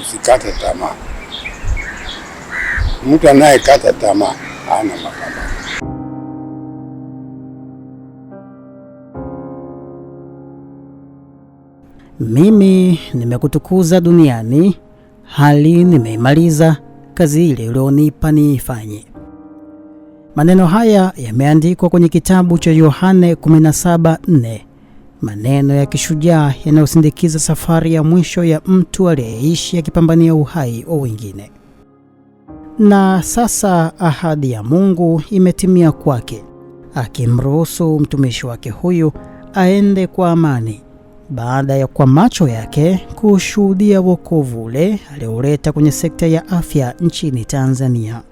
usikate tamaa. Mtu anayekata tamaa hana mapambano. Mimi nimekutukuza duniani, hali nimeimaliza, kazi ile ulionipa niifanye. Maneno haya yameandikwa kwenye kitabu cha Yohane 17:4 maneno ya kishujaa yanayosindikiza safari ya mwisho ya mtu aliyeishi akipambania uhai wa wengine. Na sasa ahadi ya Mungu imetimia kwake, akimruhusu mtumishi wake huyu aende kwa amani, baada ya kwa macho yake kushuhudia wokovu ule alioleta kwenye sekta ya afya nchini Tanzania.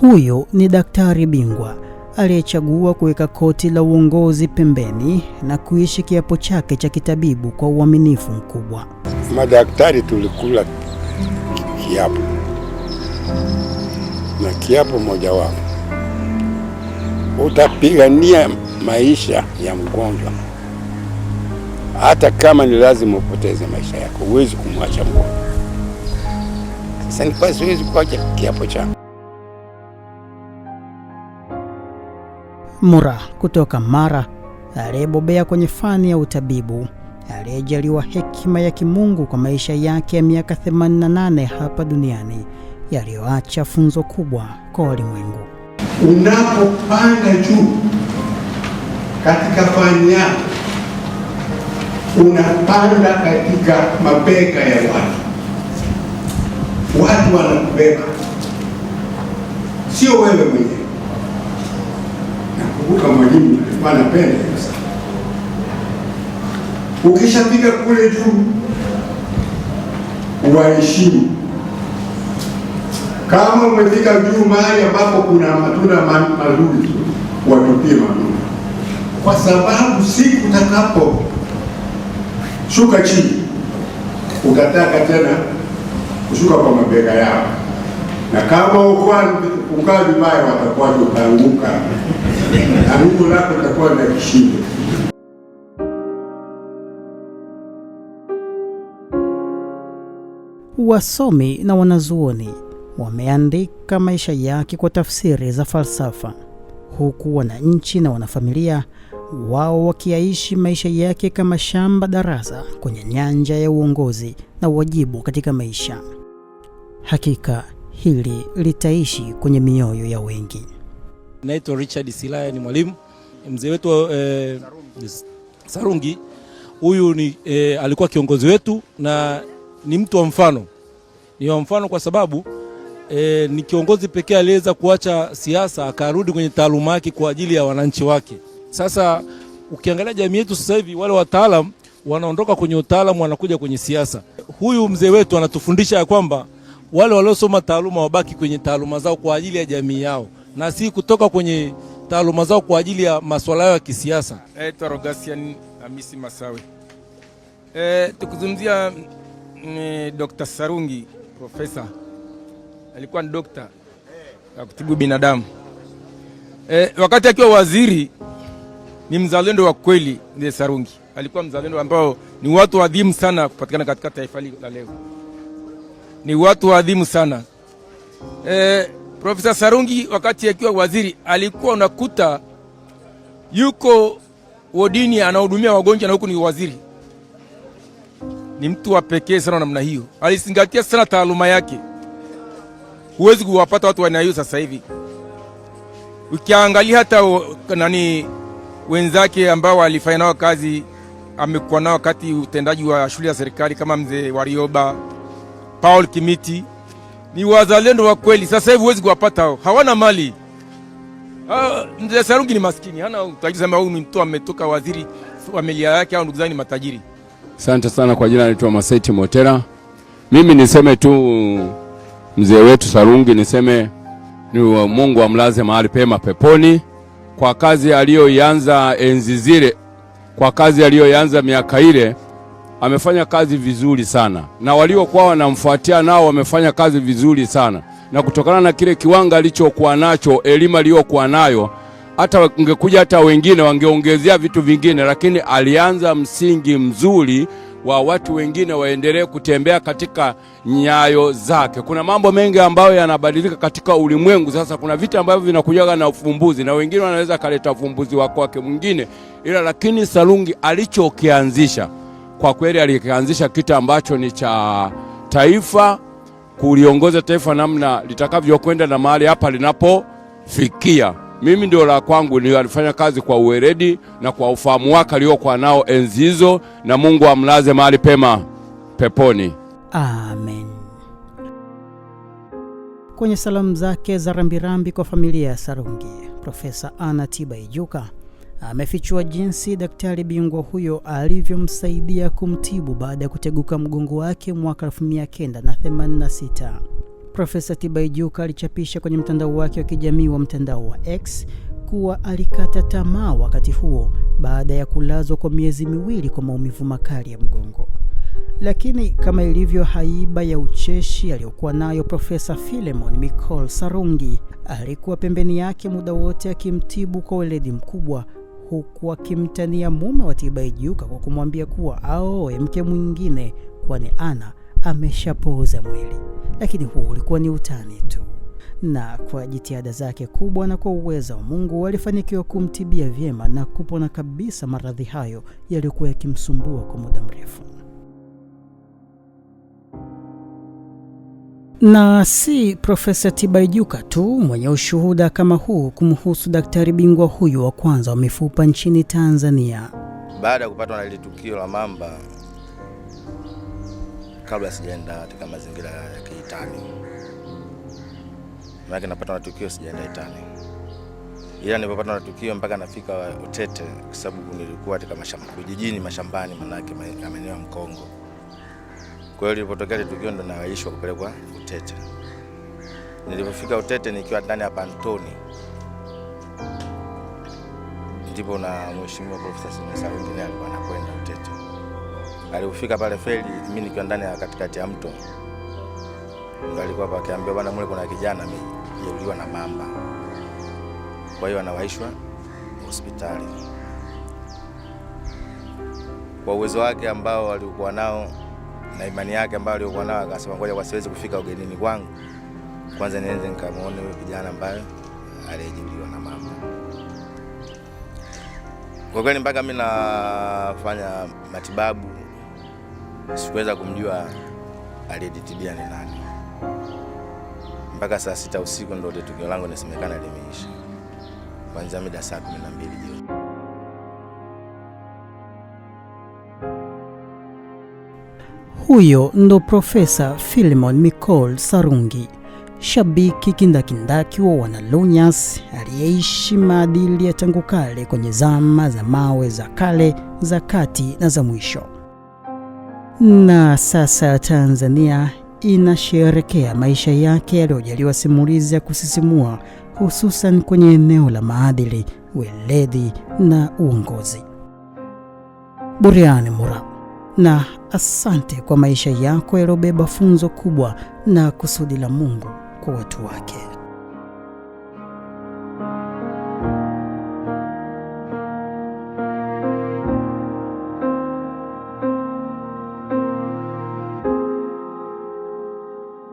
Huyu ni daktari bingwa aliyechagua kuweka koti la uongozi pembeni na kuishi kiapo chake cha kitabibu kwa uaminifu mkubwa. Madaktari tulikula kiapo, na kiapo wao utapigania maisha ya mgonjwa, hata kama ni lazima upoteze maisha yako, huwezi kumwacha mgonjwa. Sasa nilikuwa siwezi kuacha kiapo changu. Mura kutoka Mara aliyebobea kwenye fani ya utabibu aliyejaliwa hekima ya kimungu kwa maisha yake ya miaka 88 hapa duniani yaliyoacha funzo kubwa kwa walimwengu. Unapopanda juu katika fani yako, unapanda katika mabega ya watu, watu wanakubeba, sio wewe mwenyewe. Nakumbuka mwalimu alikuwa anapenda hiyo sana. Ukishafika kule juu uwaheshimu. Kama umefika juu mahali ambapo kuna matunda mazuri, watupie matunda, kwa sababu siku utakapo shuka chini utataka tena kushuka kwa mabega yao, na kama uko ukawa vibaya, watakuwa utaanguka na Mungu lako litakuwa na kishindo. Wasomi na wanazuoni wameandika maisha yake kwa tafsiri za falsafa, huku wananchi na wanafamilia wao wakiyaishi maisha yake kama shamba darasa kwenye nyanja ya uongozi na uwajibu katika maisha. Hakika hili litaishi kwenye mioyo ya wengi. Naitwa Richard Silaya, ni mwalimu mzee wetu eh, Sarungi. Huyu ni eh, alikuwa kiongozi wetu na ni mtu wa mfano, ni wa mfano kwa sababu eh, ni kiongozi pekee aliweza kuacha siasa akarudi kwenye taaluma yake kwa ajili ya wananchi wake. Sasa ukiangalia jamii yetu sasa hivi, wale wataalam wanaondoka kwenye utaalamu wanakuja kwenye siasa. Huyu mzee wetu anatufundisha ya kwamba wale waliosoma taaluma wabaki kwenye taaluma zao kwa ajili ya jamii yao na si kutoka kwenye taaluma zao kwa ajili ya masuala yao ya kisiasa. Naitwa Rogasian Hamisi Masawe. E, tukizungumzia mm, eh, Dr. Sarungi profesa alikuwa ni dokta wa kutibu binadamu. E, wakati akiwa waziri ni mzalendo wa kweli ndiye Sarungi. Alikuwa mzalendo ambao ni watu adhimu sana kupatikana katika taifa la leo ni watu waadhimu sana. E, Profesa Sarungi wakati akiwa waziri alikuwa unakuta yuko wodini anahudumia wagonjwa na huku ni waziri. Ni mtu wa pekee sana namna hiyo, alizingatia sana taaluma yake. Huwezi kuwapata watu wa aina hiyo sasa hivi. Ukiangalia hata nani wenzake ambao alifanya nao kazi, amekuwa nao wakati utendaji wa shule ya serikali kama mzee Warioba Paul Kimiti ni wazalendo wa kweli. Sasa hivi huwezi kuwapata hao, hawana mali. Ah, mzee Sarungi ni maskini, hana utajiri. Sema huyu ni mtu ametoka waziri, familia yake au ndugu zake ni matajiri. Asante sana. Kwa jina naitwa Masai Timotera. Mimi niseme tu mzee wetu Sarungi, niseme ni Mungu amlaze mahali pema peponi kwa kazi aliyoianza enzi zile, kwa kazi aliyoianza miaka ile amefanya kazi vizuri sana, na waliokuwa wanamfuatia nao wamefanya kazi vizuri sana, na kutokana na kile kiwango alichokuwa nacho, elimu aliyokuwa nayo, hata ungekuja hata wengine wangeongezea vitu vingine, lakini alianza msingi mzuri wa watu wengine waendelee kutembea katika nyayo zake. Kuna mambo mengi ambayo yanabadilika katika ulimwengu sasa. Kuna vitu ambavyo vinakujaga na ufumbuzi, na wengine wanaweza kaleta ufumbuzi wa kwake mwingine, ila lakini Sarungi alichokianzisha kwa kweli alianzisha kitu ambacho ni cha taifa, kuliongoza taifa namna litakavyokwenda na mahali hapa linapofikia. Mimi ndio la kwangu ni alifanya kazi kwa uweredi na kwa ufahamu wake aliokuwa nao enzi hizo, na Mungu amlaze mahali pema peponi. Amen. Kwenye salamu zake za rambirambi kwa familia ya Sarungi, Profesa Anna Tibaijuka amefichua jinsi daktari bingwa huyo alivyomsaidia kumtibu baada ya kuteguka mgongo wake mwaka 1986. Profesa Tibaijuka alichapisha kwenye mtandao wake wa kijamii wa mtandao wa X kuwa alikata tamaa wakati huo baada ya kulazwa kwa miezi miwili kwa maumivu makali ya mgongo. Lakini kama ilivyo haiba ya ucheshi aliyokuwa nayo Profesa Philemon Mikol Sarungi, alikuwa pembeni yake muda wote akimtibu kwa weledi mkubwa huku akimtania mume wa Tibaijuka kwa kumwambia kuwa aoe mke mwingine, kwani Ana ameshapooza mwili. Lakini huo ulikuwa ni utani tu, na kwa jitihada zake kubwa na kwa uwezo wa Mungu walifanikiwa kumtibia vyema na kupona kabisa maradhi hayo yaliyokuwa yakimsumbua kwa muda mrefu. Na si Profesa Tibaijuka tu mwenye ushuhuda kama huu kumhusu daktari bingwa huyu wa kwanza wa mifupa nchini Tanzania. Baada ya kupatwa na ili tukio la mamba, kabla sijaenda katika mazingira ya kihitani maana napatwa na tukio sijaenda hitani ila nilipopatwa na tukio mpaka nafika Utete, kwa sababu nilikuwa katika mashamba, vijijini, mashambani, manake maeneo ya Mkongo kwa hiyo lilipotokea tukio ndo naishwa kupelekwa Utete. Nilipofika Utete nikiwa ndani ya pantoni, ndipo na mheshimiwa Profesa Simon Sarungine alikuwa anakwenda Utete. Alipofika pale feli, mimi nikiwa ndani ya katikati ya mto, ndo alikuwa pale akaambia, bwana mule kuna kijana amejeuliwa na mamba, kwa hiyo anawaishwa hospitali. Kwa uwezo wake ambao alikuwa nao na imani yake ambayo aliyokuwa nayo, akasema ngoja kwa siwezi kufika ugenini kwangu, kwanza niende nikamwone yule kijana ambaye aliyejiuliwa na mama. Kwa kweli mpaka mimi nafanya matibabu sikuweza kumjua aliyejitibia ni nani. Mpaka saa sita usiku ndio tukio langu inasemekana limeisha, kuanzia mida saa kumi na mbili jioni. Huyo ndo Profesa Philemon Micol Sarungi, shabiki kindakindaki wa Wanalonius aliyeishi maadili ya tangu kale kwenye zama za mawe za kale, za kati na za mwisho. Na sasa Tanzania inasherekea maisha yake yaliyojaliwa simulizi ya kusisimua, hususan kwenye eneo la maadili, weledi na uongozi. Buriani Mura na asante kwa maisha yako yaliyobeba funzo kubwa na kusudi la Mungu kwa watu wake.